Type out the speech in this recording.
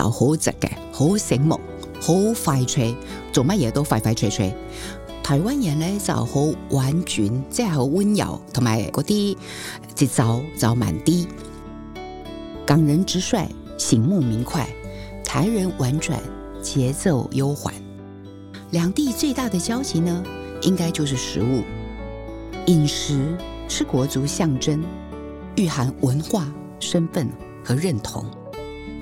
就好直嘅，好醒目，好快脆，做乜嘢都快快脆脆。台灣人咧就好婉轉，即係好温柔，同埋嗰啲節奏就慢啲。港人直率醒目、明快，台人婉轉、節奏悠緩。兩地最大的交集呢，應該就是食物。飲食是國族象徵，蘊含文化身份和認同。